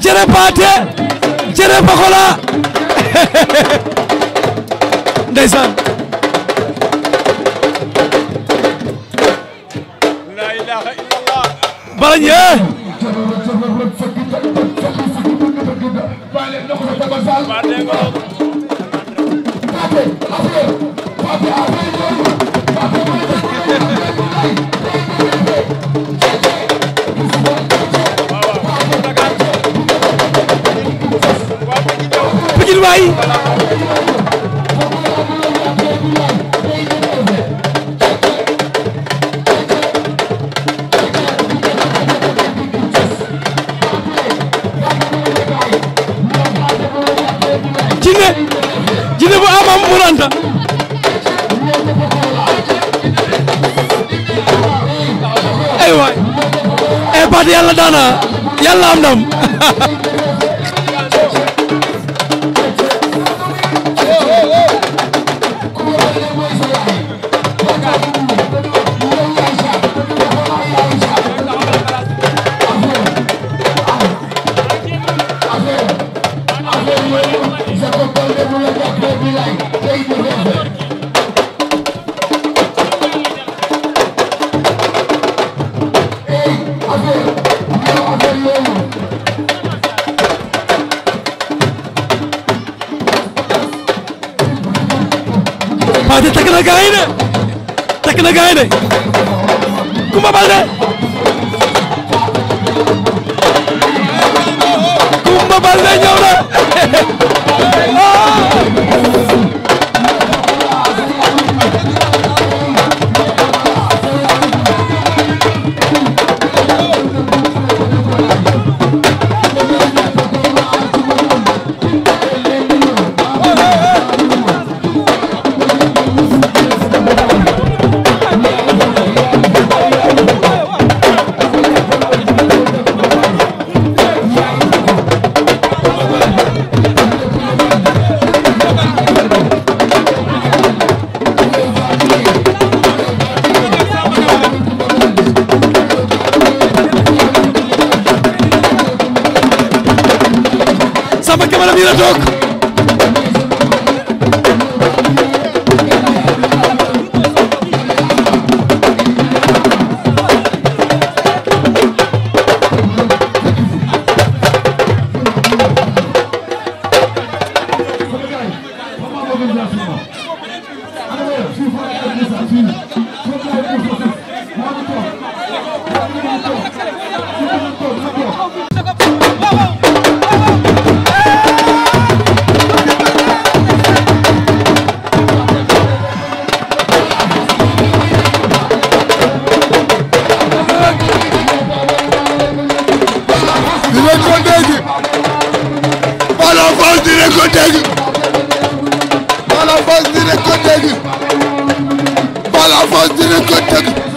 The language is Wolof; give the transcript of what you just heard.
cere paate cere Pokola ndeysaan la ilaha illallah balañ ee waay jinne jinne bu amam buranta ay waay e eh, bat yàlla daana yàlla am na gars yi de takk na gars yi de Kumba Balde Kumba Balde ñëw na jabaram yi la toog dégg Balla Fass dina ko dégg Balla Fass